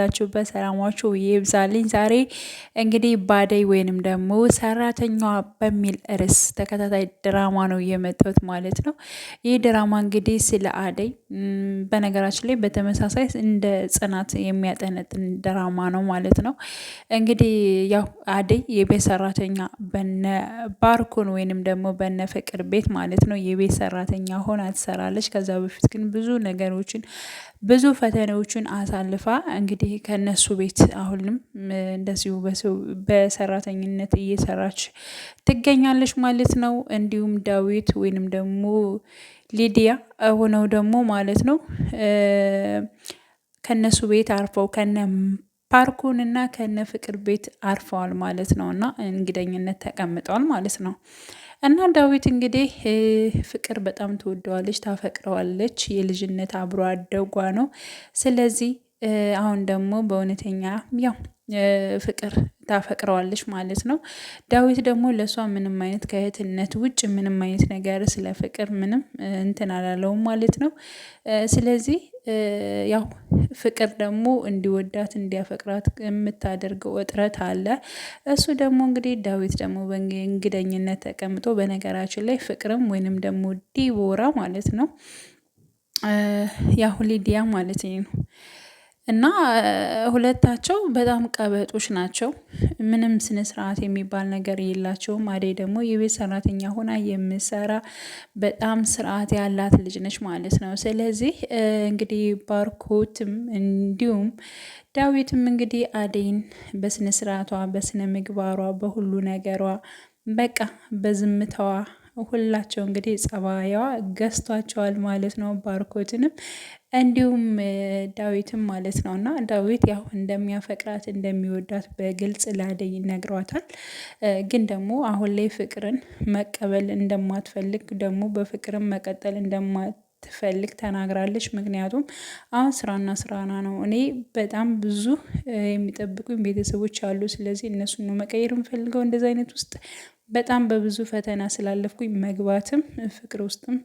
ያላችሁበት ሰላማችሁ ይብዛልኝ። ዛሬ እንግዲህ ባደይ ወይንም ደግሞ ሰራተኛዋ በሚል ርዕስ ተከታታይ ድራማ ነው የመጣሁት ማለት ነው። ይህ ድራማ እንግዲህ ስለ አደይ በነገራችን ላይ በተመሳሳይ እንደ ጽናት የሚያጠነጥን ድራማ ነው ማለት ነው። እንግዲህ ያው አደይ የቤት ሰራተኛ በነ ባርኮን ወይንም ደግሞ በነ ፍቅር ቤት ማለት ነው የቤት ሰራተኛ ሆና ትሰራለች። ከዛ በፊት ግን ብዙ ነገሮችን ብዙ ፈተናዎችን አሳልፋ እንግዲህ እንግዲህ ከእነሱ ቤት አሁንም እንደዚሁ በሰራተኝነት እየሰራች ትገኛለች ማለት ነው። እንዲሁም ዳዊት ወይንም ደግሞ ሊዲያ ሆነው ደግሞ ማለት ነው ከእነሱ ቤት አርፈው ከነ ፓርኩን እና ከነ ፍቅር ቤት አርፈዋል ማለት ነው። እና እንግደኝነት ተቀምጠዋል ማለት ነው። እና ዳዊት እንግዲህ ፍቅር በጣም ትወደዋለች፣ ታፈቅረዋለች። የልጅነት አብሮ አደጓ ነው። ስለዚህ አሁን ደግሞ በእውነተኛ ያው ፍቅር ታፈቅረዋለች ማለት ነው። ዳዊት ደግሞ ለእሷ ምንም አይነት ከእህትነት ውጭ ምንም አይነት ነገር ስለ ፍቅር ምንም እንትን አላለውም ማለት ነው። ስለዚህ ያው ፍቅር ደግሞ እንዲወዳት እንዲያፈቅራት የምታደርገው እጥረት አለ። እሱ ደግሞ እንግዲህ ዳዊት ደግሞ በእንግደኝነት ተቀምጦ በነገራችን ላይ ፍቅርም ወይንም ደግሞ ዲቦራ ማለት ነው ያሁ ሊዲያ ማለት ነው እና ሁለታቸው በጣም ቀበጦች ናቸው። ምንም ስነ ስርዓት የሚባል ነገር የላቸውም። አደይ ደግሞ የቤት ሰራተኛ ሆና የምሰራ በጣም ስርዓት ያላት ልጅ ነች ማለት ነው። ስለዚህ እንግዲህ ባርኮትም እንዲሁም ዳዊትም እንግዲህ አደይን በስነ ስርዓቷ፣ በስነ ምግባሯ፣ በሁሉ ነገሯ በቃ በዝምታዋ ሁላቸው እንግዲህ ጸባያዋ ገዝቷቸዋል ማለት ነው። ባርኮትንም እንዲሁም ዳዊትም ማለት ነው እና ዳዊት ያው እንደሚያፈቅራት እንደሚወዳት በግልጽ ላደይ ይነግሯታል። ግን ደግሞ አሁን ላይ ፍቅርን መቀበል እንደማትፈልግ ደግሞ በፍቅርን መቀጠል እንደማት ትፈልግ ተናግራለች። ምክንያቱም አሁን ስራና ስራና ነው። እኔ በጣም ብዙ የሚጠብቁኝ ቤተሰቦች አሉ። ስለዚህ እነሱን ነው መቀየር የምፈልገው እንደዚ አይነት ውስጥ በጣም በብዙ ፈተና ስላለፍኩኝ መግባትም ፍቅር ውስጥም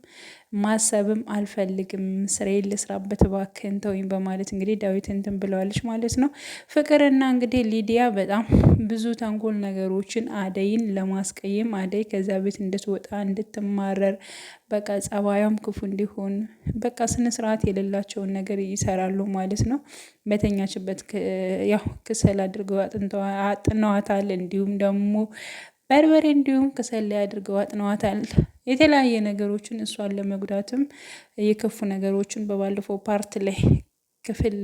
ማሰብም አልፈልግም። ስራዬን ልስራበት እባክህን ተወኝ በማለት እንግዲህ ዳዊት እንትን ብለዋለች ማለት ነው። ፍቅርና እንግዲህ ሊዲያ በጣም ብዙ ተንኮል ነገሮችን አደይን ለማስቀየም አደይ ከዚያ ቤት እንድትወጣ እንድትማረር፣ በቃ ጸባያም ክፉ እንዲሆን በቃ ስነ ስርዓት የሌላቸውን ነገር ይሰራሉ ማለት ነው። በተኛችበት ያው ክሰል አድርገው አጥነዋታል። እንዲሁም ደግሞ በርበሬ እንዲሁም ከሰል ላይ አድርገው አጥነዋታል። የተለያየ ነገሮችን እሷን ለመጉዳትም የከፉ ነገሮችን በባለፈው ፓርት ላይ ክፍል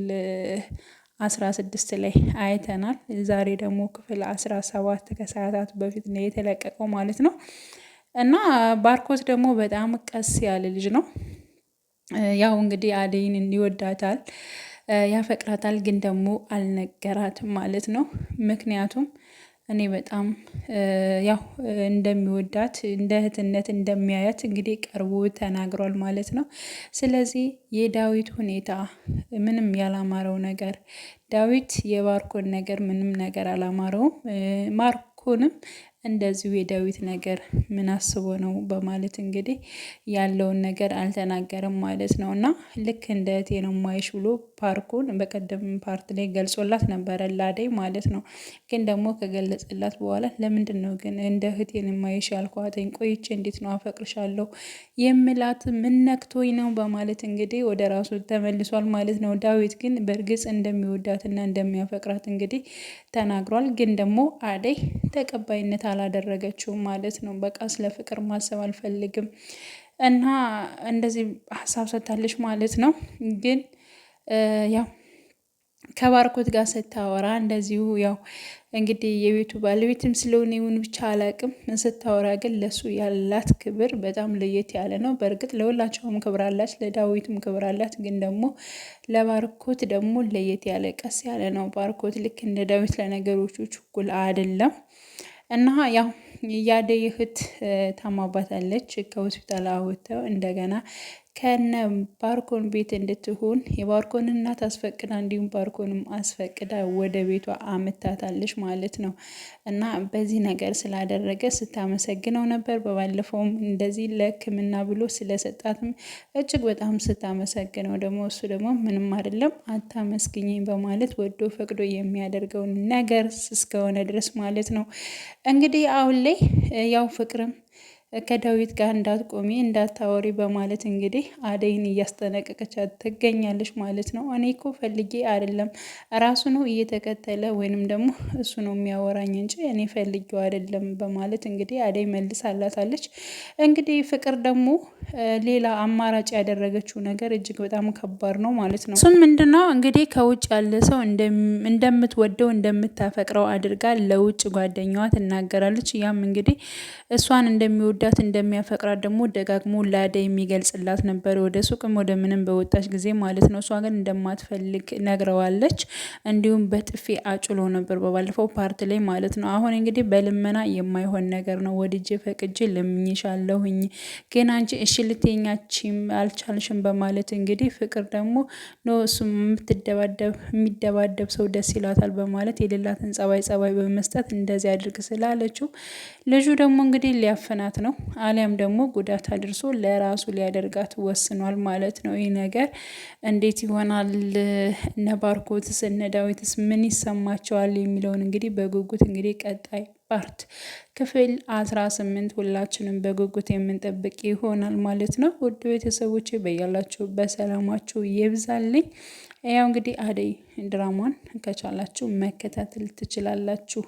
አስራ ስድስት ላይ አይተናል። ዛሬ ደግሞ ክፍል አስራ ሰባት ከሰዓታት በፊት ነው የተለቀቀው ማለት ነው። እና ባርኮት ደግሞ በጣም ቀስ ያለ ልጅ ነው። ያው እንግዲህ አደይን እንዲወዳታል ያፈቅራታል፣ ግን ደግሞ አልነገራትም ማለት ነው ምክንያቱም እኔ በጣም ያው እንደሚወዳት እንደ እህትነት እንደሚያያት እንግዲህ ቀርቦ ተናግሯል ማለት ነው። ስለዚህ የዳዊት ሁኔታ ምንም ያላማረው ነገር ዳዊት የባርኮን ነገር ምንም ነገር አላማረውም። ማርኮንም እንደዚሁ የዳዊት ነገር ምን አስቦ ነው በማለት እንግዲህ ያለውን ነገር አልተናገረም ማለት ነው። እና ልክ እንደ እህቴ ነው ማይሽ ብሎ ፓርኩን በቀደም ፓርት ላይ ገልጾላት ነበረ ላደይ ማለት ነው። ግን ደግሞ ከገለጸላት በኋላ ለምንድን ነው ግን እንደ እህቴን ማይሽ ያልኳተኝ? ቆይቼ እንዴት ነው አፈቅርሻለሁ የምላት ምን ነክቶኝ ነው በማለት እንግዲህ ወደ ራሱ ተመልሷል ማለት ነው። ዳዊት ግን በእርግጽ እንደሚወዳትና እንደሚያፈቅራት እንግዲህ ተናግሯል። ግን ደግሞ አደይ ተቀባይነት አላደረገችውም ማለት ነው። በቃ ስለ ፍቅር ማሰብ አልፈልግም እና እንደዚህ ሀሳብ ሰጥታለች ማለት ነው። ግን ያው ከባርኮት ጋር ስታወራ እንደዚሁ ያው እንግዲህ የቤቱ ባለቤትም ስለሆነ ይሁን ብቻ አላቅም፣ ስታወራ ግን ለሱ ያላት ክብር በጣም ለየት ያለ ነው። በእርግጥ ለሁላቸውም ክብር አላት፣ ለዳዊትም ክብር አላት። ግን ደግሞ ለባርኮት ደግሞ ለየት ያለ ቀስ ያለ ነው። ባርኮት ልክ እንደ ዳዊት ለነገሮቹ ችኩል አይደለም። እና ያው ያደይ እህት ታማባታለች ከሆስፒታል አወጥተው እንደገና ከነ ባርኮን ቤት እንድትሆን የባርኮን እናት አስፈቅዳ እንዲሁም ባርኮንም አስፈቅዳ ወደ ቤቷ አምታታለች ማለት ነው። እና በዚህ ነገር ስላደረገ ስታመሰግነው ነበር። በባለፈውም እንደዚህ ለሕክምና ብሎ ስለሰጣትም እጅግ በጣም ስታመሰግነው ደግሞ እሱ ደግሞ ምንም አይደለም አታመስግኘኝ በማለት ወዶ ፈቅዶ የሚያደርገውን ነገር እስከሆነ ድረስ ማለት ነው። እንግዲህ አሁን ላይ ያው ፍቅርም ከዳዊት ጋር እንዳትቆሚ እንዳታወሪ በማለት እንግዲህ አደይን እያስጠነቀቀች ትገኛለች ማለት ነው። እኔ እኮ ፈልጌ አይደለም ራሱ ነው እየተከተለ ወይንም ደግሞ እሱ ነው የሚያወራኝ እንጂ እኔ ፈልጌው አይደለም በማለት እንግዲህ አደይ መልሳላታለች። እንግዲህ ፍቅር ደግሞ ሌላ አማራጭ ያደረገችው ነገር እጅግ በጣም ከባድ ነው ማለት ነው። እሱም ምንድነው እንግዲህ ከውጭ ያለ ሰው እንደምትወደው እንደምታፈቅረው አድርጋ ለውጭ ጓደኛዋ ትናገራለች። ያም እንግዲህ እሷን እንደሚወ እንደሚወዳት እንደሚያፈቅራት ደግሞ ደጋግሞ ለአደይ የሚገልጽላት ነበር። ወደ ሱቅም ወደ ምንም በወጣች ጊዜ ማለት ነው። እሷ ግን እንደማትፈልግ ነግረዋለች። እንዲሁም በጥፊ አጭሎ ነበር በባለፈው ፓርት ላይ ማለት ነው። አሁን እንግዲህ በልመና የማይሆን ነገር ነው። ወድጄ ፈቅጄ ለምኝሻለሁኝ፣ ግን አንቺ እሺ ልትኛችም አልቻልሽም በማለት እንግዲህ ፍቅር ደግሞ እሱ የምትደባደብ የሚደባደብ ሰው ደስ ይላታል በማለት የሌላትን ጸባይ ጸባይ በመስጠት እንደዚህ አድርግ ስላለችው ልጁ ደግሞ እንግዲህ ሊያፍናት ነው። ነው፣ አሊያም ደግሞ ጉዳት አድርሶ ለራሱ ሊያደርጋት ወስኗል ማለት ነው። ይህ ነገር እንዴት ይሆናል? እነ ባርኮትስ እነ ዳዊትስ ምን ይሰማቸዋል? የሚለውን እንግዲህ በጉጉት እንግዲህ ቀጣይ ፓርት ክፍል አስራ ስምንት ሁላችንም በጉጉት የምንጠብቅ ይሆናል ማለት ነው። ውድ ቤተሰቦች በያላችሁ በሰላማችሁ ይብዛልኝ። ያው እንግዲህ አደይ ድራማን ከቻላችሁ መከታተል ትችላላችሁ።